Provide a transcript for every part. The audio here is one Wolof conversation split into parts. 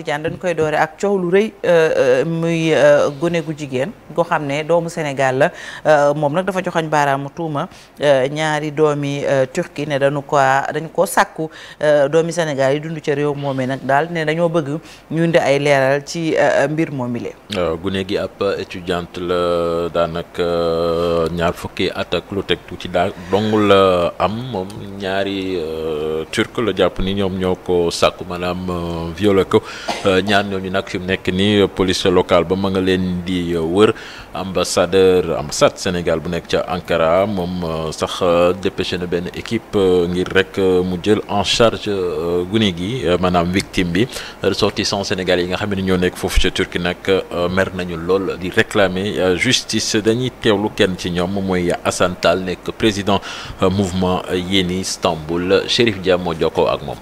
Tidiane dañ koy doore ak coow lu rëy euh, euh, muy euh, gone gu jigéen goo xam ne doomu senegal la moom nag dafa joxoñ baaraamu tuuma ñaari doomi Turquie ne dañu ko dañ ko sàkku doomi senegal yi dund ca réew moomee nag daal ne dañoo bëgg ñu indi ay leeral ci mbir moomile gune gi ab étudiante la daanaka ñaar fukki at ak lu teg tuuti daa dong la am moom ñaari turc la jàpp ni ñoom ñoo ko sàkku maanaam violé Euh, ñaar ñooñu nag fi mu nekk nii police locale ba ma nga leen di euh, wër ambassadeur ambassade Sénégal bu nekk ca Ankara moom euh, sax dépêché na benn équipe ngir rek mu jël en charge gune gi maanaam victime bi ressortissant Sénégal yi nga xam ne ñoo nekk foofu ca Turquie nag mer nañu lool di réclamer justice dañuy teewlu kenn ci ñoom mooy Assane Tall nekk président mouvement Yéeni Istanbul Chérif Dia moo jokkoo ak moom.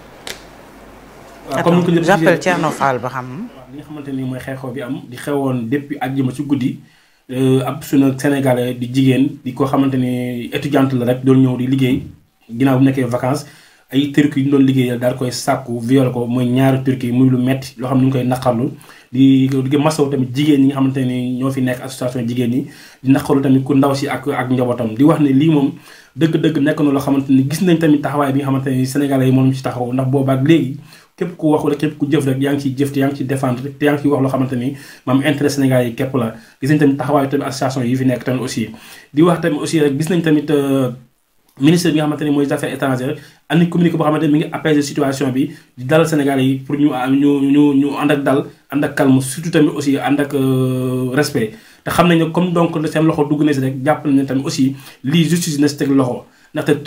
comme ko jàppale Thierno Fall ba xam. nga xamante ni mooy xeexoo bi am di xewoon depuis ma ci guddi euh, ab suñu sénégalais di jigéen di ko xamante ni étudiante la rek doolu ñëw di liggéey ginaaw bu nekkee vacances ay turki yu ñu doon liggéeyal daal koy sàkku viol ko mooy ñaari turki muy lu metti loo xam ne ñu koy naqarlu di di masaw tamit jigéen ñi nga xamante ni ñoo fi nekk association jigéen ñi di naqarlu tamit ku ndaw si ak ak njabootam di wax ne lii moom dëgg-dëgg nekk na loo xamante ni gis nañ tamit taxawaay bi nga xamante ni sénégalais yi moom ci taxaw ndax boobaak léegi képp ku wax wala képp ku jëf rek yaa ngi ciy jëf te yaa ngi ciy défendre te yaa ngi ciy wax loo xamante ni maam intérêt Sénégal yi képp la gis nañ tamit euh, ministre bi nga xamante ni mooy affaires étrangères andi communiqué boo xamante ni mi ngi apaiser situation bi di dalal Sénégal yi pour ñu ñu ñu ñu ànd ak dal ànd ak calme surtout tamit aussi ànd ak euh, respect te xam nañ ne comme donc seen loxo dugg na si rek jàpp nañ ne tamit aussi lii justice na teg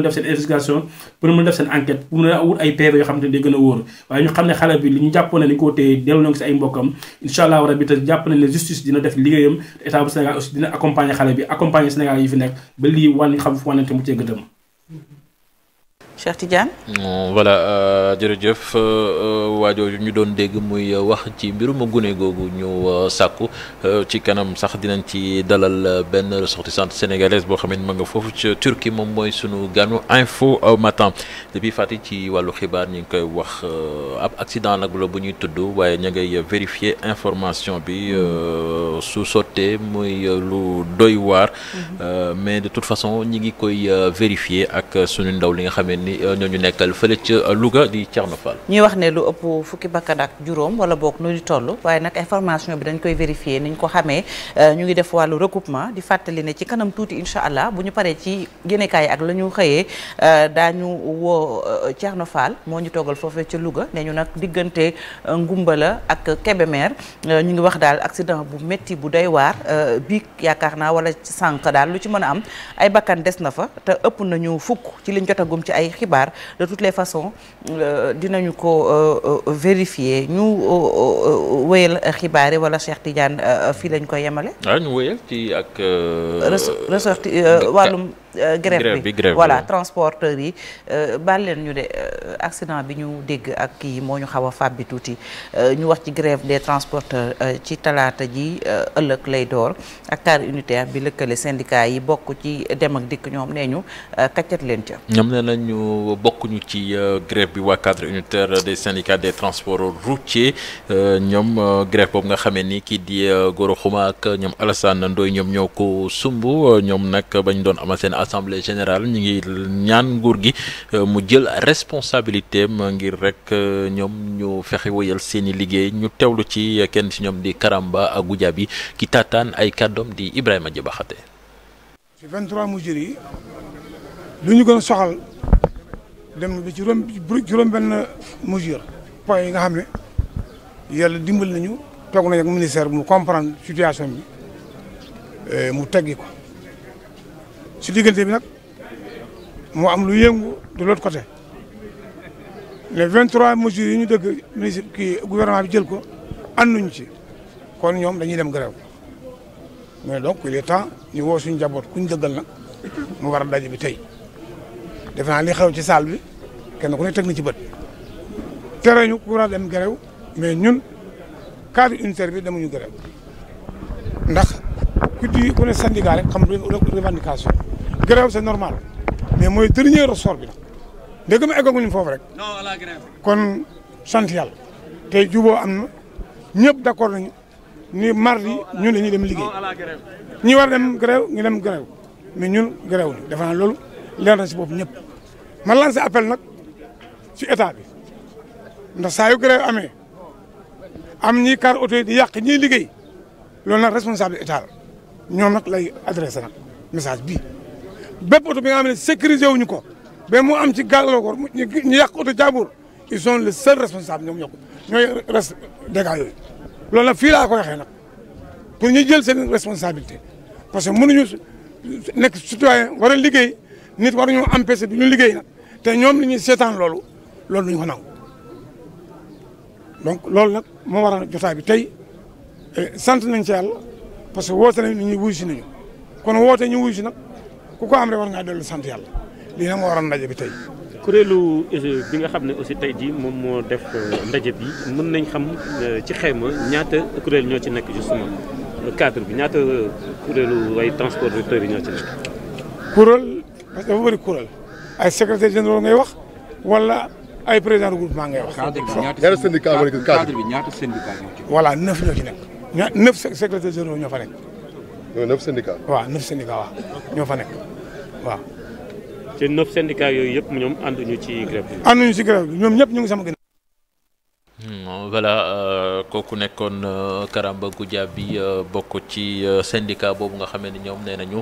def seen investigation pour mën a def seen enquête pour mën a wut ay PV yoo xam ne day gën a wóor waaye ñu xam ne xale bi li ñu jàppoon ne ni ko téye dellu nañ ko si ay mbokkam incha allah rabi te jàpp nañ ne justice dina def liggéeyam te état bu Sénégal aussi dina accompagner xale bi accompagner Sénégal yi fi nekk ba lii xam fu wàññante mu cee gëdëm Cheikh Tidiane. voilà euh, jërëjëf euh, euh, waajooju ñu doon dégg muy wax ci mbirum gune googu ñu sàkku ci kanam sax dinañ ci dalal benn sant sénégalaise boo xam ne ma nga foofu ci Turquie moom mooy sunu ganu info matan depuis Fatick ci wàllu xibaar ñu ngi koy wax ab accident nag la bu ñuy tudd waaye ña ngay vérifier information bi mm-hmm. su sottee muy lu doy waar mm-hmm. mais de toute façon ñi ngi koy vérifier ak sunu ndaw li nga xam ne ni euh, ñoo ñu nekkal fële ca euh, Louga di Thierno Fall. ñuy wax ne lu ëpp fukki bakkan ak juróom wala boog nu ñu toll waaye nag information bi dañ koy vérifier ni ñu ko xamee euh, ñu ngi def wàllu recoupement di fàttali ne ci kanam tuuti incha allah bu ñu paree ci génnekaay ak la ñu xëyee daañu woo Thierno Fall moo ñu toogal foofee ca Louga ne ñu nag diggante Ngumbala ak Kébémer ñu ngi wax daal accident bu métti bu day waar bi yaakaar naa wala sànq daal lu ci mën a am xibaar de toutes les façons euh, dinañu ko euh, euh, vérifier ñu wéyal xibaar yi wala Cheikh Tidiane fii lañ ko yemale. waaw ah, ñu wéyal ci ak. ressorti wàllum. Euh, grève bi voilà transporteurs yi euh, baal leen ñu de euh, accident bi ñu dégg ak kii moo ñu xaw a fàbbi tuuti ñu wax ci grève des transporteurs ci talaata ji ëllëg lay door ak car unitaire bi lëkkale syndicat yi bokk ci dem ak dikk ñoom nee ñu kaccat leen ca ñoom nee nañu bokk ñu ci grève bi waa cadre unitaire des syndicats des transports routiers ñoom grève boobu nga xamee ni kii di Goro Xuma ak ñoom Alassane Ndoye ñoom ñoo ko sumb ñoom nag bañ doon amal seen assemblée générale ñu ngi ñaan nguur gi euh, mu jël responsabilité am ngir rek euh, ñoom ñu fexe wëyal seen liggéey ñu teewlu ci kenn ci ñoom di Karamba ak Goudiaby ki taataan ay kàddoom di Ibrahima Diabaxate. ci 23 mesures yi lu ñu gën a soxal dem ba ci juróom-benn point yi nga xam ne yàlla dimbali nañu toog nañ ak ministère mu comprendre situation bi euh, mu teggi ko. si diggante bi nag mu am lu yëngu de l'autre côté les vingt trois mesures yi ñu dëgg ministre kii gouvernement bi jël ko ànduñ ci kon ñoom dañuy dem grève mais donc il est temps ñu woo suñu njaboot kuñ dëggal nag mu war a daje bi tey defe naa li xew ci salle bi kenn ku ne teg na ci bët tere ñu ku war a dem grève mais ñun cadre unitaire bi demuñu grève ndax ku di ku ne syndicat rek xam revendication grève se normal mais mooy dernier ressort bi nag ndegam eggaguñu foofu rek. non à la grève. kon sant yàlla tey juboo am na ñëpp d'accord nañu ni mardi ñun dañuy dem liggéey ñu war dem grève ñu dem grève mais ñun grève ñu defe naa loolu leer na si bopp ñëpp ma lancé appel nag ci état bi ndax saa yu grève amee am ñi car oto yi di yàq ñiy liggéey loolu nag responsable état ñoom nag lay adressé nag message bii bépp oto bi nga xam ne sécurisé wuñu ko ba mu am ci gàllankoor ñu yàq oto jàmbur ils sont les seuls responsables ñoom ñoo ko ñooy res dégâts loolu nag fii laa ko waxee nag pour ñu jël seen responsabilité parce que mënuñu nekk citoyen war liggéey nit war ñu empêcher du ñu liggéey nag te ñoom li ñuy seetaan loolu loolu duñu ko nangu donc loolu nag moo waral jotaay bi tey eh, sant nañ ci yàlla parce que woote nañ ni ñuy wuy nañu kon woote ñu wuy si nag ku ko am rek war ngaa dellu sant yàlla lii nag moo waroon ndaje bi tey. kuréelu euh, bi nga xam ne aussi tey jii moom moo def euh, ndaje bi mën nañ xam euh, ci xayma ñaata kuréel ñoo ci nekk justement cadre bi ñaata kuréelu way transporteurs yi ñoo ci nekk. kuréel parce que dafa ay secrétaire général ngay wax wala ay président de groupement bi ñaata syndicat ñoo ci nekk. voilà neuf ñoo ci nekk. ña neuf secrétaire ñoo fa nekk. neuf syndicat. waaw neuf syndicat waaw ñoo fa nekk. waaw. te neuf syndicats yooyu yëpp ñoom ànduñu ci grève bi. bi ñoom ñëpp ñu ngi sama gën. Hmm, voilà euh, kooku nekkoon euh, Karamba bi euh, bokk ci syndicat boobu nga xamee ni ñoom nee nañu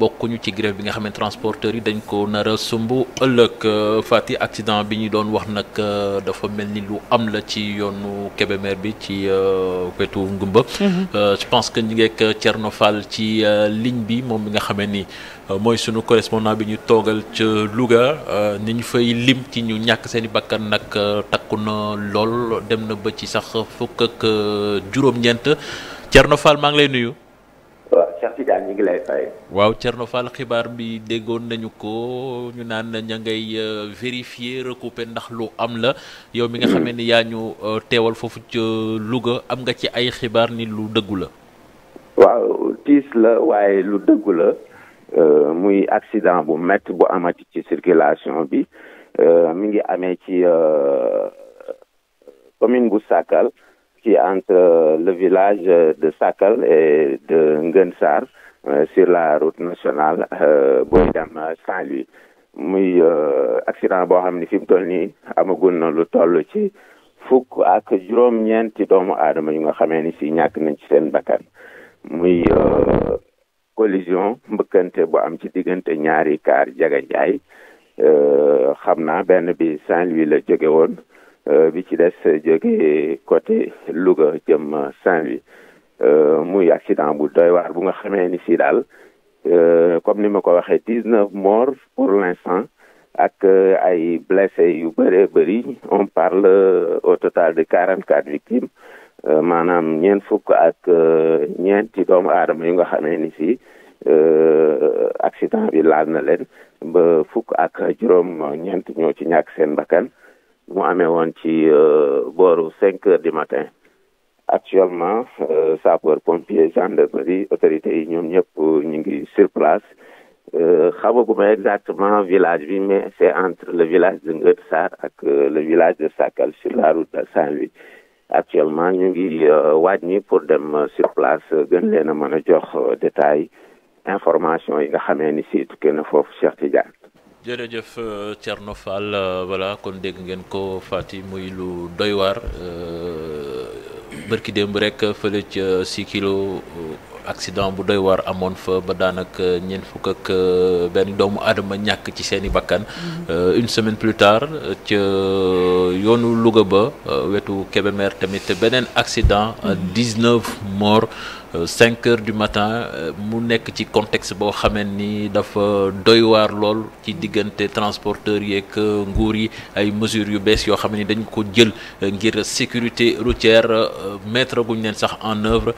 bokkuñu ci grève bi nga xam ne transporteurs yi dañ ko nar a sumb ëllëg Fati accident bi ñu doon wax nag dafa mel ni lu am la ci yoonu Kébémer bi ci wetu Ngumba. Mhm. je pense que ñu ngeek Thierno Fall ci ligne bi moom bi nga xamee ni. Euh, mooy sunu correspondant bi ñu toogal ca Louga euh, ni ñu fay lim ci ñu ñàkk seeni bakkan nag euh, takku na lool dem na ba ci sax fukk ak juróom-ñeent Thierno maa ngi lay nuyu. waaw Cheikh waaw Thierno xibaar bi déggoon nañu ko ñu naan ña ngay vérifier recouper ndax lu am la yow mi nga hmm. xamee ni yaa ñu teewal foofu ca Louga am nga ci ay xibaar ni lu dëggu la. waaw tiis la waaye lu dëggu la. Euh, muy accident bu métti bu amati ci circulation bi euh, mi ngi amee ci euh, commune bu Sakal ci entre le village de Sakal et de Ngën Sarr sur la route nationale booy dem Saint-Louis muy accident boo xam ne fi mu toll nii amagul na lu toll ci fukk ak juróom-ñeenti doomu aadama yu nga xamee ni ci ñàkk nañ ci seen bakkan muy collision mbëkkante bu am ci diggante ñaari kaar jaga njaay euh, xam naa benn bi Saint-Louis la jóge woon euh, bi ci des jóge côté Louga jëm Saint-Louis euh, muy accident bu doy waar bu nga xamee ni si daal comme ni ma ko waxee dix neuf morts pour l'instant ak ay blessés yu bëre bëri on parle au total de quarante quatre victimes Euh, maanaam ñeen fukk ak euh, ñeenti doomu aadama yu nga xamee ni si euh, accident bi laal na leen ba fukk ak juróom ñeent ñoo ci ñàkk seen mbakan mu amee woon ci booru cinq heures du matin actuellement sapeur pompier gendarmerie autorités yi ñoom ñëpp ñu ngi sur place xamaguma exactement village bi mais c'est entre le village de Ngueut Sarr ak le village de Sakal sur la route de Saint-Louis actuellement ñu ngi euh, wàññi pour dem euh, sur place euh, gën leen a mën a jox détail information yi nga xamee ni si tukkee na foofu Cheikh Tidiane. jërëjëf Thierno Fall voilà kon dégg ngeen ko Fati muy lu doy waar bërki démb rek fële ca kilo accident bu doy waar amoon fa ba daanak ñeent fukk ak euh, benn doomu aadama ñàkk ci seen i bakkan. Euh, une semaine plus tard euh, ca yoonu Louga ba wetu Kébémer tamit beneen accident. 19 morts. cinq heures du matin mu nekk ci contexte boo xamee ni dafa doy waar lool ci diggante transporteurs yeeg nguur yi ay mesures yu bees yoo xam ni dañ ko jël ngir sécurité routière mettre guñ leen sax en œuvre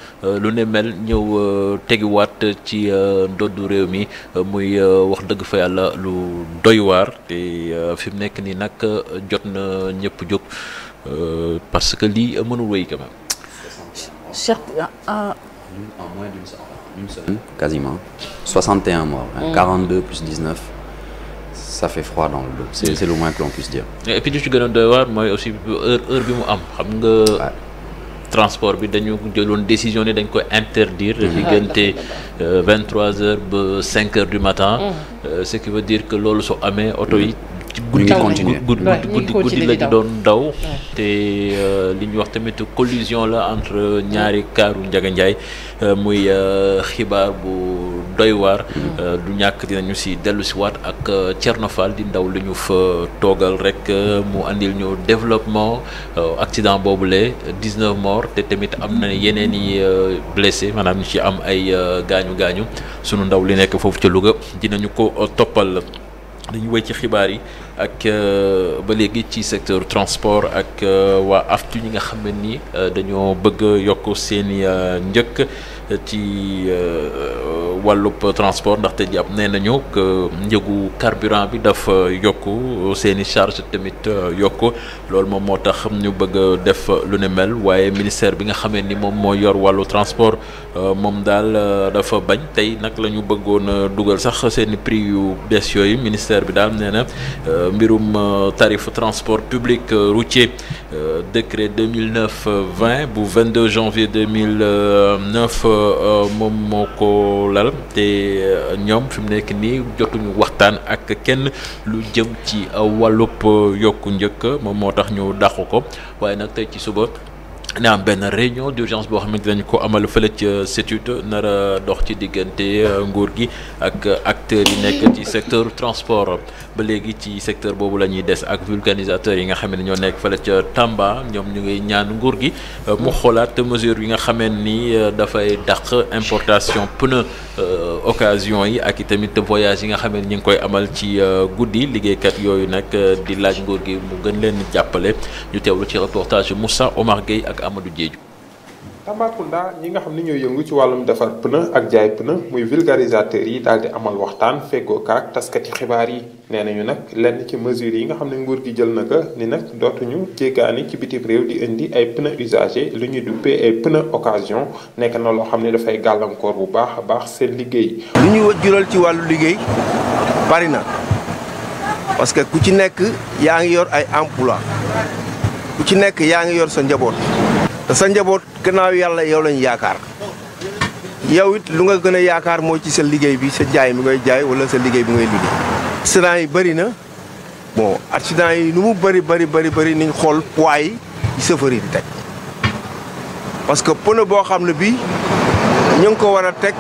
lu ne mel ñëw teguwaat ci euh, ndoddu réew mi euh, muy euh, wax dëgg fa yàlla lu doy waar te fi mu nekk nii nag jot na ñëpp jóg parce que lii mënul wéy quand même. Cher, en moins d'une semaine quasiment 61 morts hein, 42 mm. plus 19 ça fait froid dans mm. moins que l'on puisse dire et puis ci gën a mooy aussi heure heure bi mu am xam nga transport bi dañu jëloon décision ni dañ ko interdire mm-hmm. diggante euh, vingt trois heures ba cinq du matin mm-hmm. euh, ce qui veut dire que loolu su amee oto yi mm-hmm. guddi guddi guddi la doon daw te euh, li ñu wax tamit collision la entre ñaari kaaru Ndiaga Ndiaye muy xibaar bu ay waar euh, du ñàkk dinañu si dellu waat ak euh, Thierno Fall di ndaw li ñu fa toogal rek euh, mu andil ñu développement accident boobule 19 morts te tamit am na yeneen i blessé maanaam ñu ci am ay gaañu gaañu sunu ndaw li nekk foofu ca Louga dinañu ko toppal dañu wéy ci xibaar yi ak ba léegi ci secteur transport ak waa aftu ñi nga xam ne ni dañoo bëgg yokk seeni njëkk ci euh, euh, wàllub transport ndaxte jàpp nee nañu que njëgu carburant bi dafa yokk seen i charge tamit euh, yokk loolu moom moo tax ñu bëgg a def lu ne mel waaye ministère bi nga xamee ni moom moo yor wàllu transport moom daal dafa bañ tey nag la ñu bëggoon dugal sax seen i prix yu des yooyu ministère bi daal nee na mbirum tarif transport public routier Euh, décret 2009 20 euh, bu 22 janvier 2009 euh, moom moo ko lal te ñoom fi mu nekk nii jotuñu waxtaan ak kenn lu jëm ci aw wàllub yokk njëkk moom moo tax ñu dàqu ko waaye nag tey ci suba. ne am benn réunion d'urgence boo xamante dañ ko amal fële ca CETUD nar dox ci diggante euh, nguur gi ak euh, acteurs nekk secteur transport ba léegi ci secteur boobu la ñuy des ak vulcanisateurs yi nga xam ne ñoo nekk fële ca Tamba ñoom ñu ngi ñaan nguur gi euh, mu xoolaat mesure yi nga xamee ni dafay daq importation pneu occasion yi ak i tamit voyage yi nga xam ne ñu ngi koy amal ci guddi liggéeykat yooyu nag di laaj nguur gi mu gën leen jàppale ñu teewlu ci reportage Moussa Omar Gueye ak Amadou Diédhiou. Tambacounda ñi nga xam ne ñooy yëngu ci wàllum defar pneu ak jaay pna muy vulgarisateur yi daal amal waxtaan feggoo kaak taskati xibaar yi nee nañu nag lenn ci mesures yi nga xam ne nguur gi jël na ko ni nag dootuñu jéggaani ci bitim réew di indi ay pneu usagé lu ñuy duppee ay pneu occasion nekk na loo xam ne dafay gàllankoor bu baax a baax seen liggéey. lu ñu jural ci wàllu liggéey bari na parce que ku ci nekk yaa ngi yor ay emploi ku ci nekk yaa ngi yor sa njaboot. te sa njaboot gannaaw yàlla yow lañu yaakaar yow it lu nga gën a yaakaar mooy ci sa liggéey bi sa jaay mi ngay jaay wala sa liggéey bi ngay liggéey. accident yi bëri na bon accident yi nu mu bëri bëri bëri bëri nañ xool poids yi chauffeur teg parce que pneu boo xam ne bii ñu ngi ko war a teg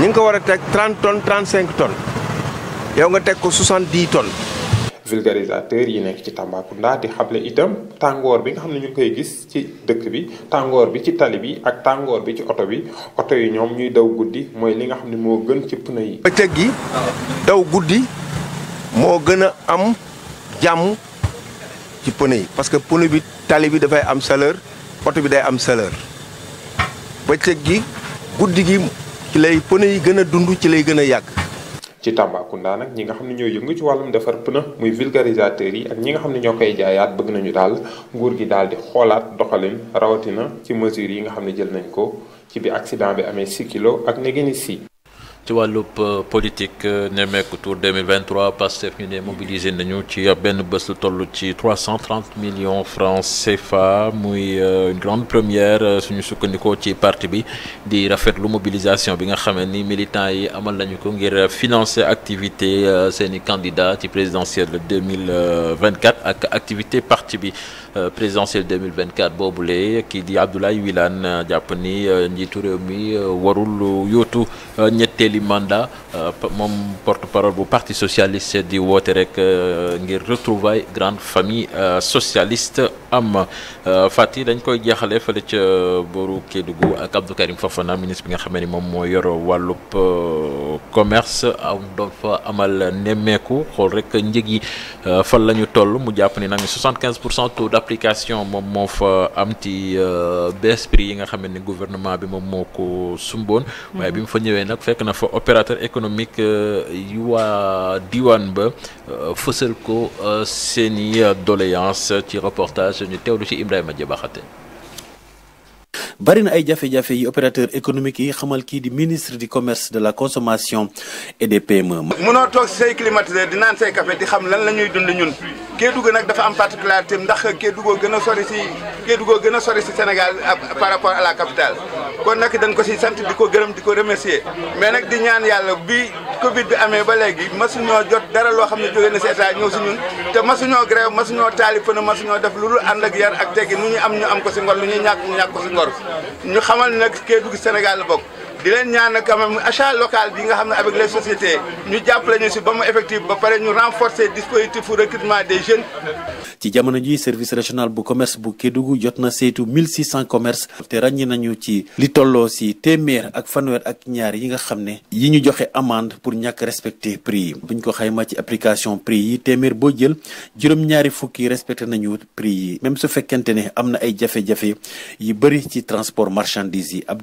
ñu ngi ko war a teg 30 tonnes 35 tonnes yow nga teg ko 70 tonnes. vulgarisateur yi nekk ci Tambacounda di xamle itam tàngoor bi nga xam ne ñu koy gis ci dëkk bi tàngoor bi ci tali bi ak tàngoor bi ci oto bi oto yi ñoom ñuy daw guddi mooy li nga xam ne moo gën ci pneu yi. bëccëg gi daw guddi moo gën a am jàmm ci pneu yi parce que pneu bi tali bi dafay am chaleur oto bi day am chaleur bëccëg gi guddi gi ci lay pneu yi gën a dund ci lay gën a yàgg. ci Tambacounda nag ñi nga xam ne ñoo yëngu ci wàllum defar pneu muy vulgarisateur yi ak ñi nga xam ne ñoo koy jaayaat bëgg nañu daal nguur gi daal di xoolaat doxalin rawatina ci mesures yi nga xam ne jël nañ ko ci bi accident bi amee 6 ak negeni si ci wàllub euh, politique nemmeeku tour 2023 Pastef ñu ne mobilisé nañu ci benn bés lu toll ci 330 millions francs CFA muy euh, une grande première euh, suñu sukkandikoo ci parti bi di rafetlu mobilisation bi nga xamee ni militants yi amal nañu ko ngir financer activité seeni candidat ci présidentielle 2024 ak activité parti bi présidentielle boobu boobule kii di Abdoulaye Wilane jàpp ni njiitu réew mi warul yóotu ñetteel ñetteeli mandat euh, moom porte-parole bu parti socialiste di woote rek euh, ngir retrouvaille grande famille euh, socialiste am euh, fàttali dañ koy jeexale fële ca euh, booru Kédougou ak Abdou Karim Fofana ministre bi nga xamee ni moom moo yoro wàllub euh, commerce am doon fa amal nemmeeku xool rek njëg yi fan lañu toll mu jàpp ni nag 75 pour cent taux moom moo fa am ci baisse prix yi nga xam ne gouvernement bi moom moo ko sumboon. Mm-hmm. waaye bi mu fa ñëwee nag fekk na fa opérateur économique yu waa diwaan ba fësal ko seen doléance ci reportage. ñu teewlu ci na ay jafe-jafe yi opérateur économique yi xamal kii di ministre du commerce de la consommation et des PME. mënoo toog say climatiseur di naan say café di xam lan la ñuy dund ñun Kédougou nag dafa am particularité ndax Kédougou gën a sori si Kédougou gën a sori si Sénégal par rapport à la capitale kon nag dañ ko si sant di ko gërëm di ko remercier mais nag di ñaan yàlla bi Covid bi amee ba léegi masuñoo jot dara loo xam ne jóge na si état ñëw si ñun te masuñoo grève masuñoo taali fëna masuñoo def lu dul ànd ak yar ak teggi nu ñu am ñu am ko si ngor lu ñuy ñàkk ñu ñàkk ko si ngor ñu xamal nag Kédougou Sénégal la bokk di leen ñaan quand même achat local bi nga xam ne avec les sociétés ñu jàppale ñu si ba mu effectif ba pare ñu renforcer dispositif recrutement des jeunes. ci jamono ji service régional bu commerce bu Kédougou jot na saytu 1600 commerce te ràññi nañu ci li tolloo si téeméer ak fanweer ak ñaar yi nga xam ne yi ñu joxe amende pour ñàkk respecter prix yi buñ ko xayma ci application prix yi téeméer boo jël juróom-ñaari fukki respecté nañu prix yi même su fekkente ne am na ay jafe-jafe bëri ci transport marchandise yi ab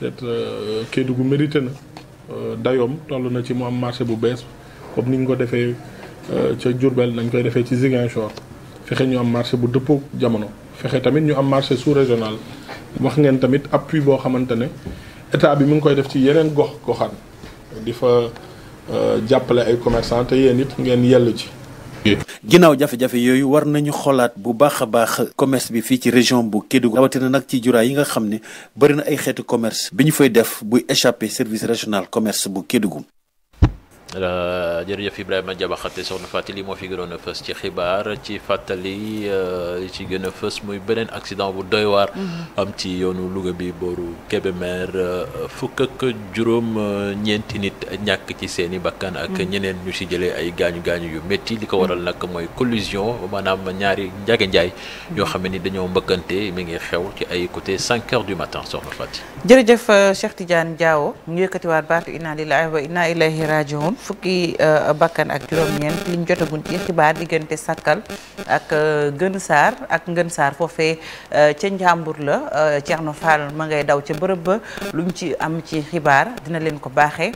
peut-être euh, Kédougou mérité na euh, dayoom toll na ci mu am marché bu bees comme ni ñu ko defee euh, ca Diourbel nañ koy defee ci Ziguinchor fexe ñu am marché bu dëppook jamono fexe tamit ñu am marché sous régional wax ngeen tamit appui boo xamante ne état bi mu ngi koy def ci yeneen gox goxaan di fa jàppale ay commerçant te yéen it ngeen yell ci ginnaaw jafe-jafe yooyu war nañu xolaat bu baax a baax commerce bi fii ci région bu Kédougou rawatina nag ci Jura yi nga xam ni bëri na ay xeetu commerce bi ñu fay def buy échappé service régional commerce bu Kédougou Euh, jërëjëf Ibrahima Jabaxate soxna Faty li moo fi gënoon a fës ci xibaar ci fàttali euh, li ci gën a fës muy beneen accident bu doy waar. Mm-hmm. am ci yoonu Louga bi booru Kébémer euh, fukk ak juróom ñeenti nit ñàkk ci seen i bakkan ak mm-hmm. ñeneen ñu si jëlee ay gaañu gaañu yu métti li ko mm-hmm. waral nag mooy collision maanaam ñaari njaage njaay yoo xam ni dañoo mbëkkante mi ngi xew ci ay côté 5 heures du matin soxna Faty. jërëjëf Cheikh Tidiane Diawo ñu yëkkatiwaat baatu inna lillahi wa inna fukki euh, bakkan ak juróom-ñeent liñ jotaguñ ci xibaar diggante Sakkal ak euh, Gën Saar ak Ngën Saar foofee euh, ca Njàmbur la Thierno Fall ma ngay daw ca bërëb ba luñ ci am ci xibaar dina leen ko baaxee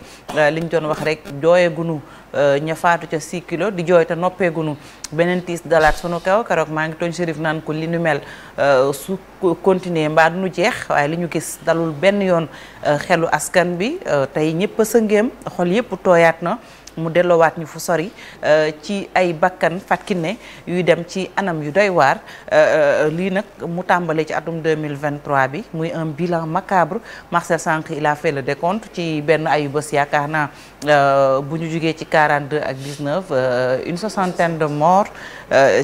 liñ doon wax rek jooyagunu. Euh, ña faatu ca 6 kilos di jooy te noppeegunu beneen tiis dalaat sunu kew keroog maa ngi tooñ Chérif naan ko li nu mel euh, su continuer mbaa du jeex waaye li ñu gis dalul benn yoon euh, xelu askan bi tey ñëpp a sëngeem xol yëpp tooyaat na mu delloowaat ñu fu sori euh, ci ay bakkan fatkinne yuy dem ci anam yu doy waar euh, euh, lii nag mu tàmbale ci atum 2023 bi muy un bilan macabre Marcel Sànq il a fait le décompte ci benn ayu bés yaakaar naa bu ñu jugee ci 42 ak 19 une soixantaine de morts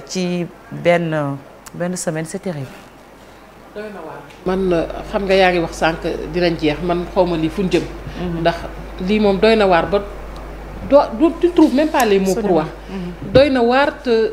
ci benn benn semaine c'est terrible. man xam nga yaa ngi wax sànq dinañ jeex man xaw lii fu ñu jëm. Mhm. ndax lii moom doy na waar ba. do du tu trouves même pas les mots pour wax doy na waar